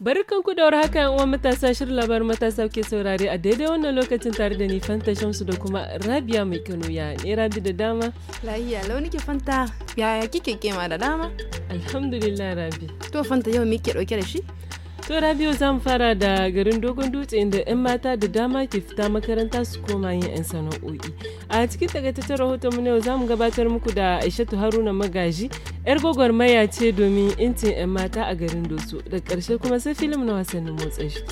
Barkan ku da war haka yan uwan matasa shirin labar matasa ke saurare a daidai wannan lokacin tare da ni Fanta Shamsu da kuma Rabia mai Kano ya ne Rabi da dama. Lahiya launi ke Fanta yaya kike kema da dama? Alhamdulillah Rabi. To Fanta yau me ke dauke da shi? To Rabiu zan fara da garin Dogon Dutse inda 'yan mata da dama ke fita makaranta su koma yin 'yan sana'o'i. A cikin takaitaccen rahoton mu yau za mu gabatar muku da Aishatu Haruna Magaji, 'yar gwagwarmaya ce domin intin 'yan mata a garin Doso. Da ƙarshe kuma sai filim na wasannin motsa shi.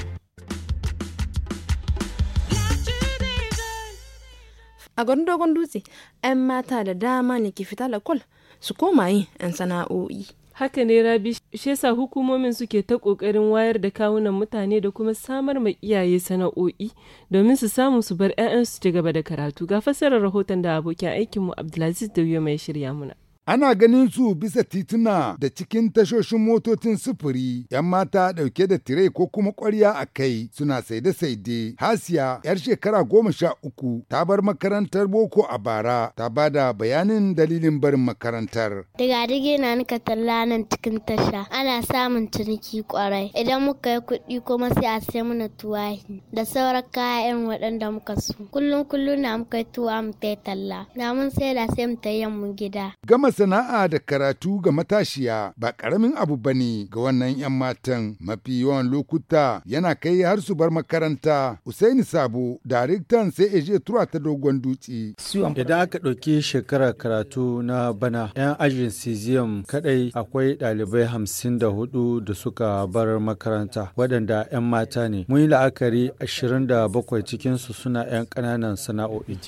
A garin Dogon Dutse, 'yan mata da dama ne ke fita lakol su koma yin 'yan sana'o'i. Haka ne Rabi, shi yasa hukumomin suke ta ƙoƙarin wayar da kawunan mutane da kuma samar ma iyaye sana'o'i domin su samu su bar 'ya'yansu ci gaba da karatu. Ga fassarar rahoton da abokin aikinmu Abdulaziz Dauyo mai shirya muna. Ana ganin su bisa tituna da cikin tashoshin motocin sufuri, ‘yan mata ɗauke da tire ko kuma kwarya a kai suna saide-saide. Hasiya, ‘yar shekara goma sha uku, ta bar makarantar boko a bara, ta bada bayanin dalilin barin makarantar. Daga dige na nika talla nan cikin tasha, ana samun ciniki kwarai Idan muka yi kuɗi kuma sai a sai mana tuwahi da sauran kayan waɗanda muka so. Kullum kullum na muka yi tuwa mu talla, na mun sai da sai mu ta yammu gida. Gama sana'a da karatu ga matashiya ba karamin abu ba ne ga wannan 'yan matan mafi yawan lokuta yana kai har su bar makaranta. Usaini Sabo, daraktan sai eje tura ta dogon dutse. Idan aka ɗauki shekarar karatu na bana, 'yan ajin Cesium kaɗai akwai ɗalibai hamsin da hudu da suka bar makaranta waɗanda 'yan mata ne. Mun yi la'akari ashirin da bakwai cikinsu suna 'yan ƙananan sana'o'i.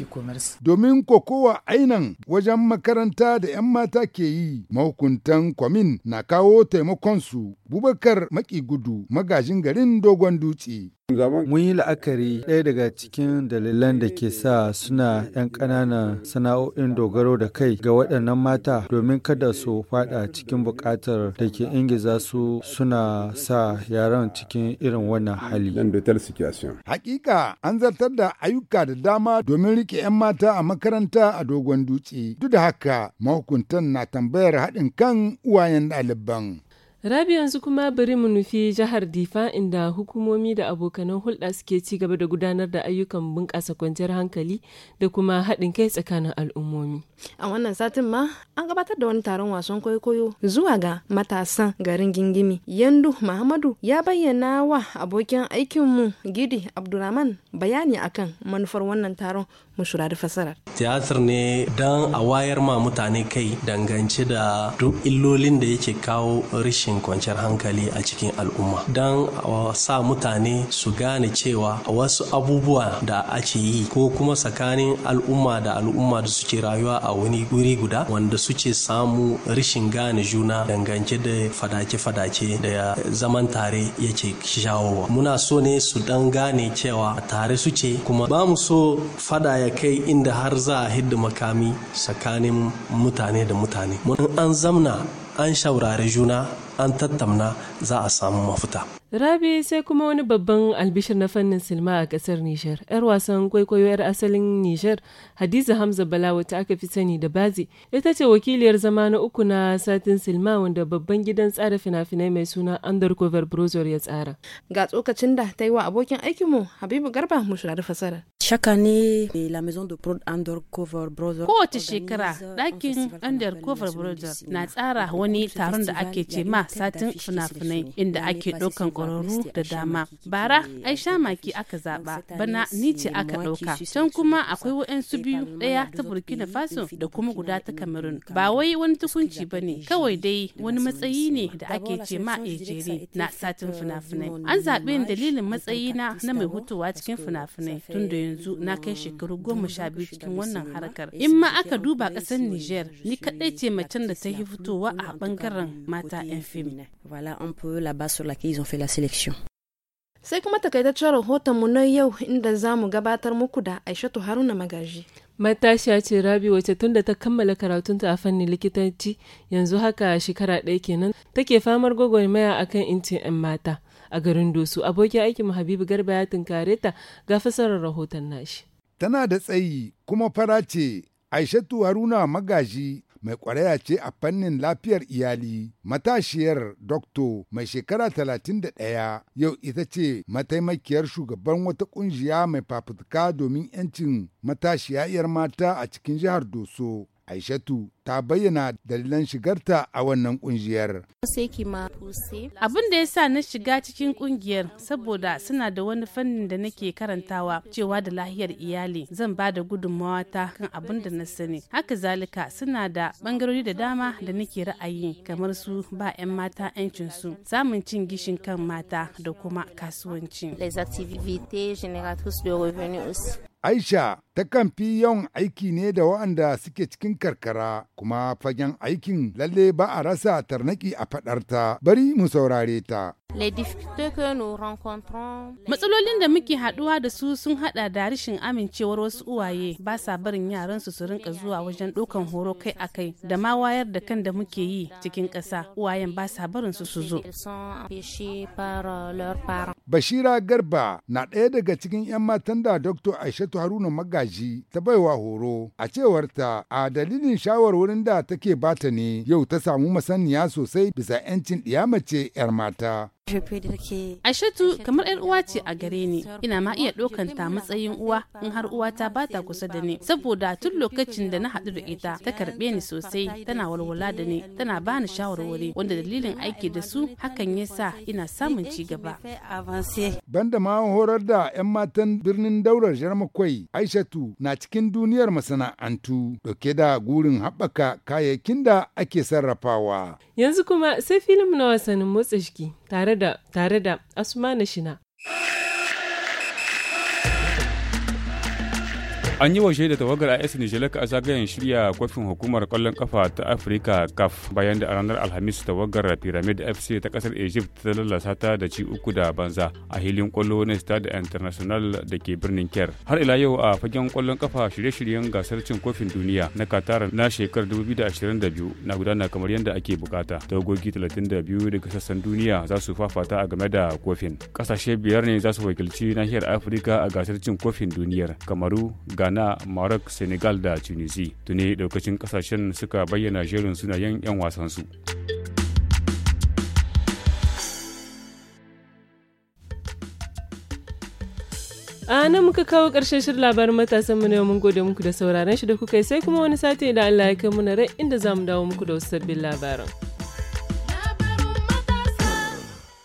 Domin kokowa ainan wajen makaranta da 'yan mata ke yi mahukuntan kwamin na kawo taimakonsu bubakar maki gudu magajin garin dogon dutse Mun yi la'akari ɗaya daga cikin dalilan da ke sa suna 'yan ƙananan sana'o'in dogaro da kai ga waɗannan mata domin kada su faɗa cikin buƙatar da ke ingiza su suna sa yaran cikin irin wannan hali. Hakika an zartar da ayyuka da dama domin rike 'yan mata a makaranta a dogon dutse. Duk da haka mahukuntan na tambayar haɗin kan uwayen ɗaliban. Rabi yanzu kuma bari mu nufi jihar Difa inda hukumomi da abokanan hulɗa suke ci gaba da gudanar da ayyukan bunƙasa kwanciyar hankali da kuma haɗin kai tsakanin al'ummomi. A wannan satin ma an gabatar da wani taron wasan kwaikwayo zuwa ga matasan garin Gingimi. Yandu Muhammadu ya bayyana wa abokin aikinmu Gidi Abdulrahman bayani akan manufar wannan taron mashura da fasarar. Tiyatar ne don a wayar ma mutane kai dangance da duk illolin da yake kawo rashin kwanciyar hankali a cikin al'umma. Don a sa mutane su gane cewa wasu abubuwa da ake yi ko kuma tsakanin al'umma da al'umma da suke rayuwa a wani guri guda wanda suke samu rashin gane juna dangance da fadace-fadace da zaman tare yake shawowa. Muna so ne su dan gane cewa tare suke kuma ba mu so fada ya da kai inda har za a hidda makami tsakanin mutane da mutane an zamna an shaurari juna an tattamna za a samu mafuta Rabi sai kuma wani babban albishir na fannin silma a kasar Nishar. 'Yar wasan kwaikwayo 'yar asalin Nishar, Hadiza Hamza Balawa ta aka fi sani da Bazi, ita ce wakiliyar zama na uku na satin silma wanda babban gidan tsara fina-finai mai suna Undercover Browser ya tsara. Ga tsokacin da ta yi wa abokin aikinmu Habibu Garba mu shirar fasara. Kowace shekara ɗakin Undercover brother na tsara wani taron da ake ce ma satin fina-finai inda ake ɗaukan ƙwararru da dama. Bara Aisha Maki aka zaɓa, bana ni ce aka ɗauka. Can kuma akwai waɗansu biyu ɗaya ta Burkina Faso da kuma guda ta Cameroon. Ba wai wani tukunci ba ne, kawai dai wani matsayi ne da ake ce ma ejere na satin euh, fina-finai. An zaɓe dalilin matsayi na mai hutuwa cikin fina-finai tun da yanzu. yanzu na kai shekaru goma sha biyu cikin wannan harkar in ma aka duba kasar niger ni kadai ce macen da ta yi fitowa a ɓangaren mata yan fim sai kuma takaitaccen mu na yau inda za mu gabatar muku da aishatu haruna magaji matashiya ce rabi wacce tunda ta kammala karatunta a fannin likitanci yanzu haka shekara ɗaya kenan take famar gwagwarmaya akan incin 'yan mata a garin Dosu. Abokin aikin Habibu Garba ya tunkare ta ga fasarar rahoton nashi. Tana da tsayi kuma fara ce Aishatu Haruna Magaji mai kwaraya ce a fannin lafiyar iyali matashiyar dokto mai shekara 31 yau ita ce mataimakiyar shugaban wata kungiya mai fafutuka domin 'yancin 'yar mata a cikin jihar doso Aishatu ta bayyana dalilan shigarta a wannan kungiyar. Abin da ya sa na shiga cikin kungiyar saboda suna da wani fannin da nake karantawa cewa da lahiyar iyali zan ba da gudunmawa ta kan abin da na sani. Haka zalika suna da bangarori da dama da nake ra'ayi kamar su ba 'yan mata 'yancin su samun cin gishin kan mata da kuma kasuwanci. Aisha ta kan fi yawan aiki ne da waɗanda suke cikin karkara kuma fagen aikin lalle ba a rasa tarnaki a ta bari mu saurare ta. Matsalolin da muke haɗuwa da su sun haɗa da rashin amincewar wasu uwaye ba sa barin yaransu su rinka zuwa wajen ɗaukan horo kai a kai da ma wayar da kan da muke yi cikin ƙasa uwayen ba sa barin su su zo. Euh, Bashira Garba na ɗaya daga cikin 'yan matan da Dr. Aishatu Haruna Maga kaji ta baiwa horo a cewarta a dalilin shawarwarin da take bata ne yau ta samu masaniya sosai bisa 'yancin mace 'yar mata. Aishatu kamar 'yar uwa ce a gare ni, ina ma iya ɗaukan ta matsayin uwa in har uwata ba ta kusa da ni, saboda tun lokacin da na haɗu da ita ta karɓe ni sosai tana walwala da ni tana bani shawarwari wanda dalilin aiki da su hakan ya sa ina samun ci gaba. Banda ma horar da 'yan matan birnin daular jarmakwai Aishatu na cikin duniyar masana'antu dauke da gurin haɓaka kayayyakin da ake sarrafawa. Yanzu kuma sai filim na wasannin motsa jiki. tare da tare da Shina. an yi washe da tawagar as nijelaka a zagayen shirya kwafin hukumar kwallon kafa ta afirka kaf bayan da a ranar alhamis tawagar pyramid fc ta kasar egypt ta lalasa ta da ci uku da banza a hilin kwallo na stade international da ke birnin ker har ila yau a fagen kwallon kafa shirye-shiryen gasar cin kofin duniya na qatar na shekarar 2022 na gudana kamar yadda ake bukata tawagogi 32 daga sassan duniya za su fafata a game da kofin kasashe biyar ne za su wakilci nahiyar afirka a gasar cin kofin duniyar kamaru ghana ghana maroc senegal da tunisia tuni daukacin kasashen suka bayyana jerin suna 'yan wasansu a nan muka kawo ƙarshen shirin labarin matasan mu na mun gode muku da sauraron shi da kuka yi sai kuma wani sati da Allah ya kai mu na rai inda za mu dawo muku da wasu sabbin labaran.